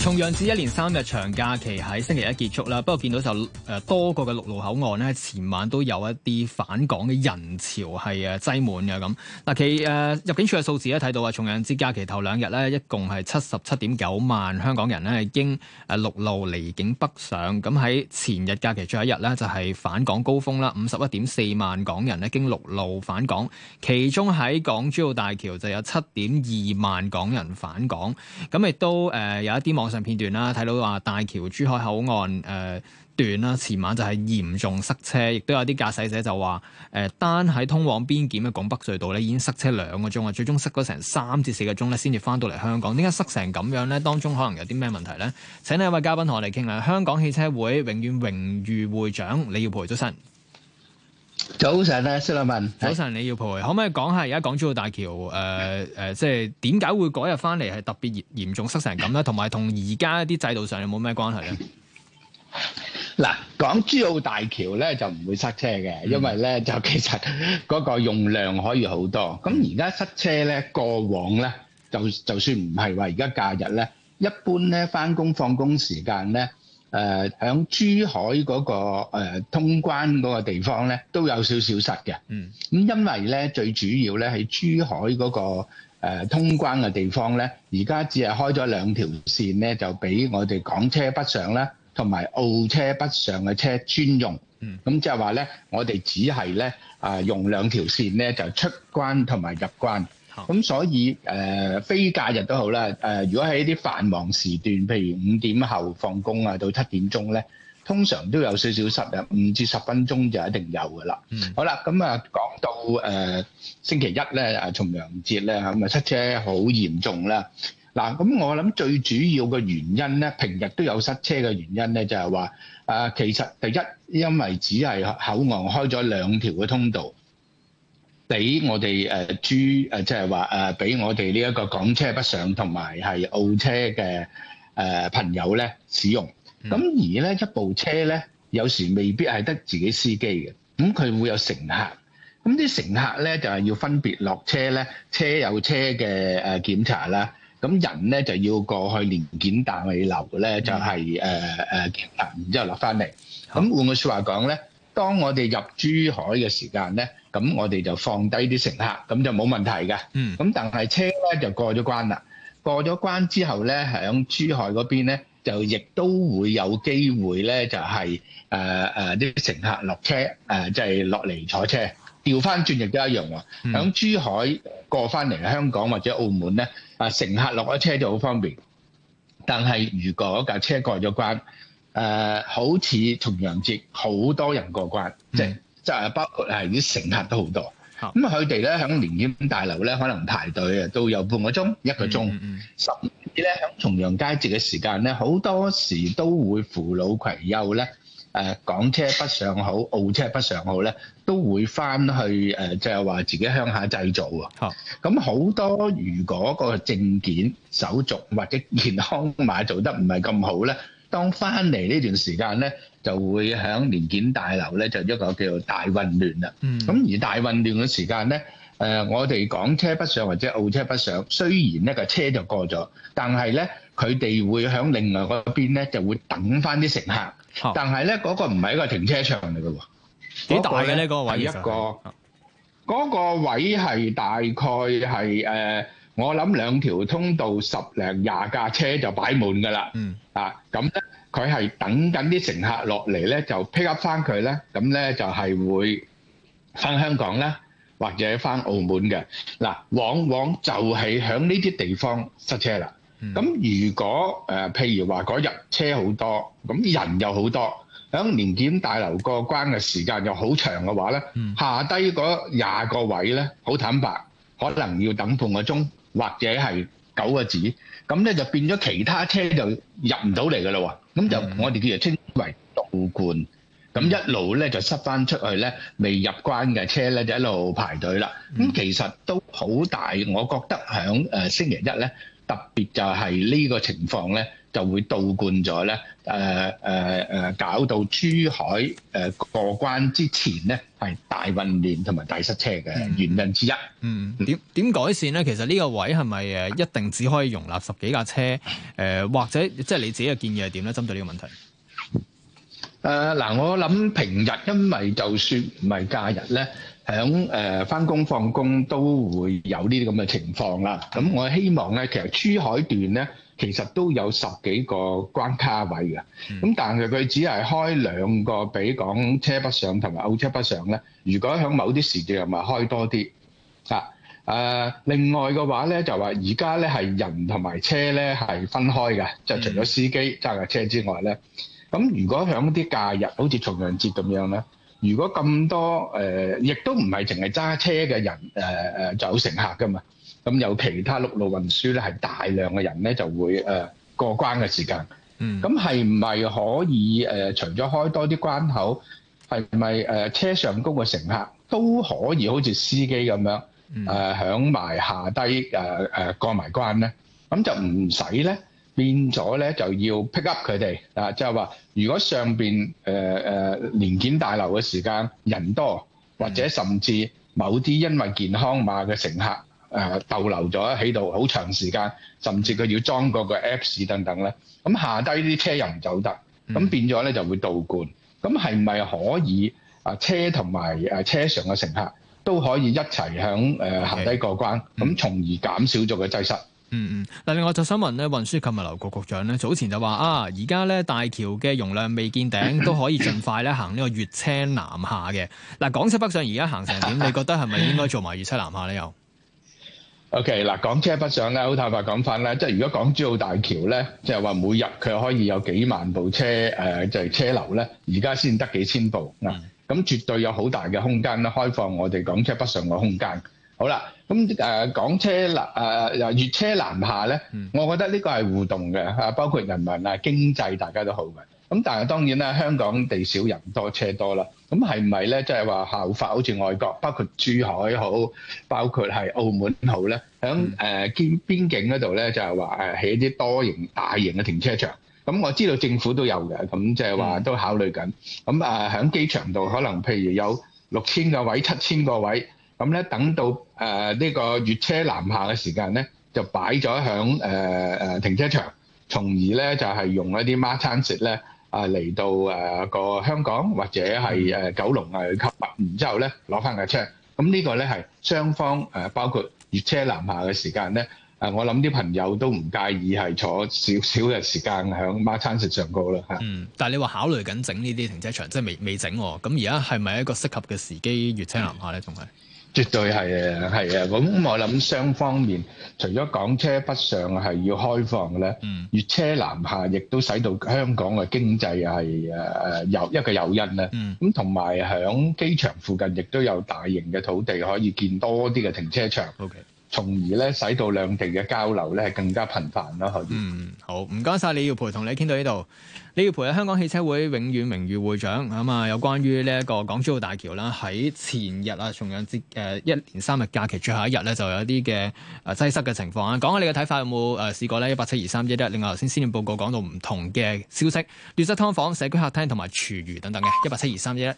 重陽節一連三日長假期喺星期一結束啦，不過見到就誒多個嘅陸路口岸呢，前晚都有一啲返港嘅人潮係誒擠滿嘅咁。嗱其誒、呃、入境處嘅數字咧，睇到話重陽節假期頭兩日呢，一共係七十七點九萬香港人咧經誒陸路離境北上。咁喺前日假期最後一日呢，就係、是、返港高峰啦，五十一點四萬港人咧經陸路返港，其中喺港珠澳大橋就有七點二萬港人返港。咁亦都誒、呃、有一啲網上片段啦，睇到話大橋珠海口岸誒段啦，前晚就係嚴重塞車，亦都有啲駕駛者就話誒、呃、單喺通往邊檢嘅拱北隧道咧已經塞車兩個鐘啊，最終塞咗成三至四個鐘咧，先至返到嚟香港。點解塞成咁樣咧？當中可能有啲咩問題咧？請呢位嘉賓同我哋傾下。香港汽車會永遠榮譽會長李耀培先生。你要陪早晨啊，薛立文。早晨，李耀培，可唔可以講下而家港珠澳大橋誒誒，即係點解會嗰日翻嚟係特別嚴嚴重塞成咁咧？同埋同而家啲制度上有冇咩關係咧？嗱，講港珠澳大橋咧就唔會塞車嘅，因為咧就其實嗰個用量可以好多。咁而家塞車咧，過往咧就就算唔係話而家假日咧，一般咧翻工放工時間咧。誒喺珠海嗰個誒通關嗰個地方咧，都有少少塞嘅。嗯，咁因為咧最主要咧喺珠海嗰個誒通關嘅地方咧，而家只係開咗兩條線咧，就俾我哋港車北上咧，同埋澳車北上嘅車專用。嗯，咁即係話咧，我哋只係咧啊用兩條線咧就出關同埋入關。咁、嗯、所以誒、呃，非假日都好啦。誒、呃，如果喺啲繁忙時段，譬如五點後放工啊，到七點鐘咧，通常都有少少塞啊，五至十分鐘就一定有噶啦、嗯。好啦，咁、嗯、啊，講到誒、呃、星期一咧、呃，重陽節咧，咁啊，塞車好嚴重啦。嗱、嗯，咁我諗最主要嘅原因咧，平日都有塞車嘅原因咧，就係話啊，其實第一，因為只係口岸開咗兩條嘅通道。俾我哋誒珠誒即係話誒俾我哋呢一個港車北上同埋係澳車嘅誒、呃、朋友咧使用。咁、嗯、而咧一部車咧，有時未必係得自己司機嘅，咁、嗯、佢會有乘客。咁、嗯、啲乘客咧就係、是、要分別落車咧，車有車嘅誒、呃、檢查啦。咁人咧就要過去聯檢大樓咧，就係誒誒檢查，然之後落翻嚟。咁換句說話講咧，當我哋入珠海嘅時間咧。咁我哋就放低啲乘客，咁就冇問題㗎。咁但係車咧就過咗關啦。過咗關之後咧，喺珠海嗰邊咧就亦都會有機會咧，就係誒誒啲乘客落車誒，即係落嚟坐車。調翻轉亦都一樣喎。喺珠海過翻嚟香港或者澳門咧，啊乘客落咗車就好方便。但係如果一架車過咗關，誒好似重陽節好多人過關，即係。就係、是、包括係啲乘客都好多，咁佢哋咧喺聯檢大樓咧，可能排隊啊，都有半個鐘、嗯、一個鐘、嗯，甚至咧喺重陽佳節嘅時間咧，好多時都會扶老攜幼咧，誒、呃、港車北上好，澳車北上好，咧，都會翻去誒、呃，就係、是、話自己鄉下祭祖喎。咁、啊、好多如果個證件手續或者健康碼做得唔係咁好咧，當翻嚟呢段時間咧，就會喺聯檢大樓咧，就一個叫做大混亂啦。嗯。咁而大混亂嘅時間咧，誒，我哋講車北上或者澳車北上，雖然呢個車就過咗，但係咧，佢哋會喺另外嗰邊咧，就會等翻啲乘客。哦。但係咧，嗰個唔係一個停車場嚟嘅喎。幾大嘅咧嗰個位？係一個，嗰個位係大概係誒，我諗兩條通道十零廿架車就擺滿㗎啦。嗯。啊，咁。佢係等緊啲乘客落嚟咧，就 pick up 翻佢咧，咁咧就係會翻香港咧，或者翻澳門嘅。嗱，往往就係響呢啲地方塞車啦。咁如果誒譬如話嗰日車好多，咁人又好多，響聯檢大樓過關嘅時間又好長嘅話咧，下低嗰廿個位咧，好坦白，可能要等半個鐘，或者係九個字，咁咧就變咗其他車就入唔到嚟㗎喇喎。咁就我哋叫做稱為倒灌，咁、mm. 一路咧就塞翻出去咧，未入關嘅車咧就一路排隊啦。咁、mm. 其實都好大，我覺得響誒星期一咧，特別就係呢個情況咧。就會倒灌咗咧，誒誒誒，搞到珠海誒過關之前咧係大混亂同埋大塞車嘅原因之一。嗯，點點改善咧？其實呢個位係咪誒一定只可以容納十幾架車？誒或者即係你自己嘅建議係點咧？針對呢個問題。誒嗱，我諗平日因為就算唔係假日咧，響誒返工放工都會有呢啲咁嘅情況啦。咁我希望咧，其實珠海段咧。其實都有十幾個關卡位嘅，咁但係佢只係開兩個俾港車北上同埋澳車北上咧。如果喺某啲時段係咪開多啲啊？誒另外嘅話咧就話而家咧係人同埋車咧係分開嘅，就除咗司機揸架車之外咧，咁如果喺啲假日好似重陽節咁樣咧，如果咁多誒，亦都唔係淨係揸車嘅人，誒誒就有乘客噶嘛。咁有其他陸路運輸咧，係大量嘅人咧就會誒、呃、過關嘅時間。咁係唔係可以誒、呃？除咗開多啲關口，係咪誒車上高嘅乘客都可以好似司機咁樣誒、呃、響埋下低誒誒、呃呃、過埋關咧？咁就唔使咧變咗咧就要 pick up 佢哋啊！即係話如果上面誒誒年檢大樓嘅時間人多，或者甚至某啲因為健康碼嘅乘客。Mm. 誒逗留咗喺度好長時間，甚至佢要裝個個 Apps 等等咧。咁下低啲車又唔走得，咁變咗咧就會倒灌。咁係咪可以啊？車同埋誒車上嘅乘客都可以一齊響誒行低過關，咁、okay. 從而減少咗個擠塞。嗯嗯，嗱，另外就想問咧，運輸及物流局局長咧早前就話啊，而家咧大橋嘅容量未見頂， 都可以盡快咧行呢個粵車南下嘅嗱。港車北上而家行成點？你覺得係咪應該做埋粵車南下咧？又？O.K. 嗱，港車北上咧，好坦白講返咧，即係如果港珠澳大橋咧，即係話每日佢可以有幾萬部車，誒、呃，就係、是、車流咧，而家先得幾千部，咁、mm. 啊、絕對有好大嘅空間咧，開放我哋港車北上嘅空間。好啦，咁誒港車南誒粵車南下咧，我覺得呢個係互動嘅，包括人民啊、經濟大家都好嘅。咁但係當然啦，香港地少人多車多啦。咁係唔係咧？即係話效法好似外國，包括珠海好，包括係澳門好咧。響誒、呃、邊境嗰度咧，就係話起一啲多型大型嘅停車場。咁我知道政府都有嘅，咁即係話都考慮緊。咁、嗯、啊，響、呃、機場度可能譬如有六千個位、七千個位，咁咧等到誒呢、呃這個粵車南下嘅時間咧，就擺咗喺誒停車場，從而咧就係、是、用一啲孖餐食呢。咧。啊，嚟到誒個香港或者係誒九龍去購物，然之後咧攞翻架車，咁呢個咧係雙方誒包括粵車南下嘅時間咧，啊我諗啲朋友都唔介意係坐少少嘅時間喺晚餐食上高啦嚇。嗯，但係你話考慮緊整呢啲停車場，即係未未整喎，咁而家係咪一個適合嘅時機粵車南下咧？仲係？絕對係啊，係啊，咁 我諗雙方面，除咗港車北上係要開放咧，嗯、粵車南下亦都使到香港嘅經濟係誒有一個誘因咧。咁同埋響機場附近亦都有大型嘅土地可以建多啲嘅停車場。Okay. 從而咧，使到兩地嘅交流咧，係更加頻繁咯，嗯，好，唔該晒，李耀培，同你傾到呢度。李耀培係香港汽車會永遠榮譽會長，咁啊，有關於呢一個港珠澳大橋啦，喺前日啊，重陽節誒，一連三日假期最後一日咧，就有啲嘅誒擠塞嘅情況啊。講下你嘅睇法，有冇誒試過咧？一八七二三一一。另外頭先先線報告講到唔同嘅消息，劣質劏房、社區客廳同埋廚餘等等嘅，一八七二三一一。